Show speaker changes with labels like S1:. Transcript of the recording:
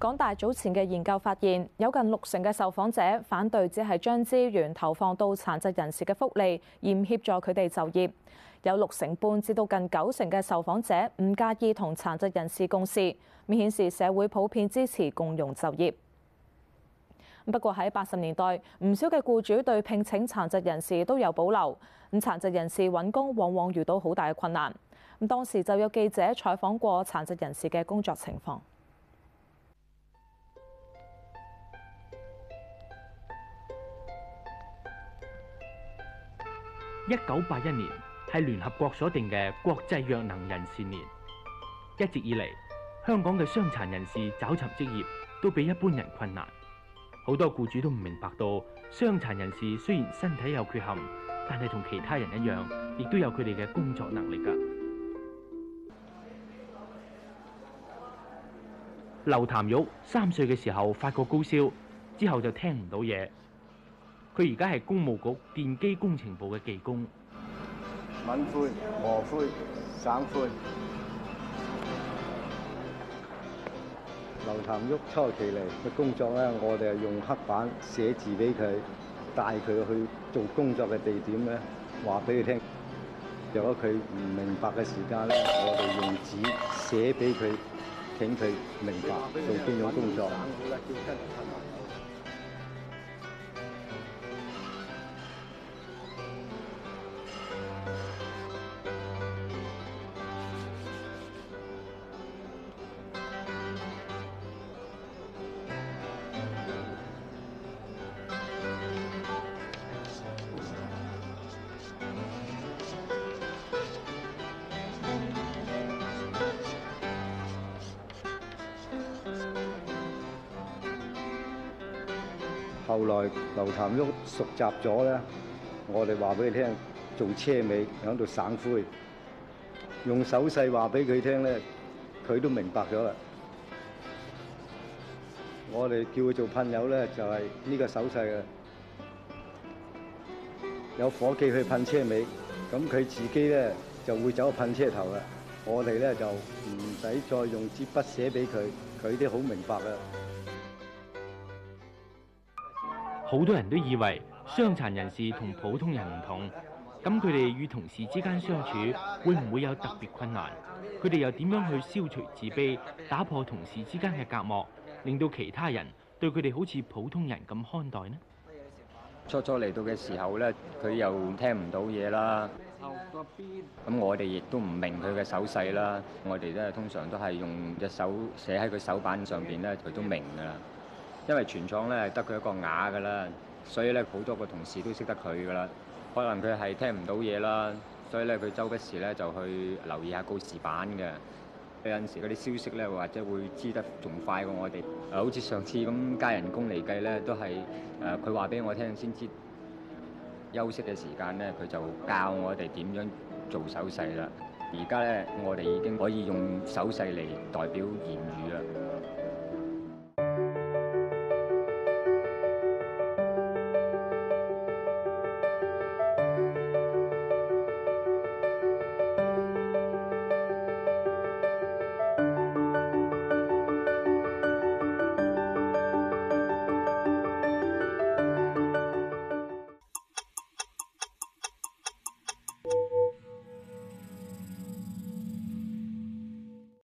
S1: 港大早前嘅研究發現，有近六成嘅受訪者反對只係將資源投放到殘疾人士嘅福利，而唔協助佢哋就業。有六成半至到近九成嘅受訪者唔介意同殘疾人士共事，顯示社會普遍支持共融就業。不過喺八十年代，唔少嘅僱主對聘請殘疾人士都有保留，咁殘疾人士揾工往往遇到好大嘅困難。當時就有記者採訪過殘疾人士嘅工作情況。
S2: 一九八一年係聯合國所定嘅國際弱能人士年。一直以嚟，香港嘅傷殘人士找尋職業都比一般人困難。好多僱主都唔明白到，傷殘人士雖然身體有缺陷，但係同其他人一樣，亦都有佢哋嘅工作能力㗎。劉譚玉三歲嘅時候發過高燒，之後就聽唔到嘢。佢而家係工務局電機工程部嘅技工。
S3: 敏灰、和灰、省灰。劉潭旭初期嚟嘅工作咧，我哋係用黑板寫字俾佢，帶佢去做工作嘅地點咧，話俾佢聽。如果佢唔明白嘅時間咧，我哋用紙寫俾佢，請佢明白做邊種工作。後來劉譚旭熟習咗咧，我哋話俾佢聽做車尾喺度省灰，用手勢話俾佢聽咧，佢都明白咗啦。我哋叫佢做噴友咧，就係、是、呢個手勢啊！有伙計去噴車尾，咁佢自己咧就會走去噴車頭啦。我哋咧就唔使再用支筆寫俾佢，佢都好明白啊！
S2: 好多人都以為傷殘人士同普通人唔同，咁佢哋與同事之間相處會唔會有特別困難？佢哋又點樣去消除自卑、打破同事之間嘅隔膜，令到其他人對佢哋好似普通人咁看待呢？初初嚟
S4: 到嘅時候咧，佢又聽唔到嘢啦。咁我哋亦都唔明佢嘅手勢啦。我哋咧通常都係用隻手寫喺佢手板上邊咧，佢都明㗎啦。因為全廠咧得佢一個啞噶啦，所以咧好多個同事都識得佢噶啦。可能佢係聽唔到嘢啦，所以咧佢周不時咧就去留意下告示板嘅。有陣時嗰啲消息咧或者會知得仲快過我哋。誒，好似上次咁加人工嚟計咧，都係誒佢話俾我聽先知。休息嘅時間咧，佢就教我哋點樣做手勢啦。而家咧，我哋已經可以用手勢嚟代表言語啦。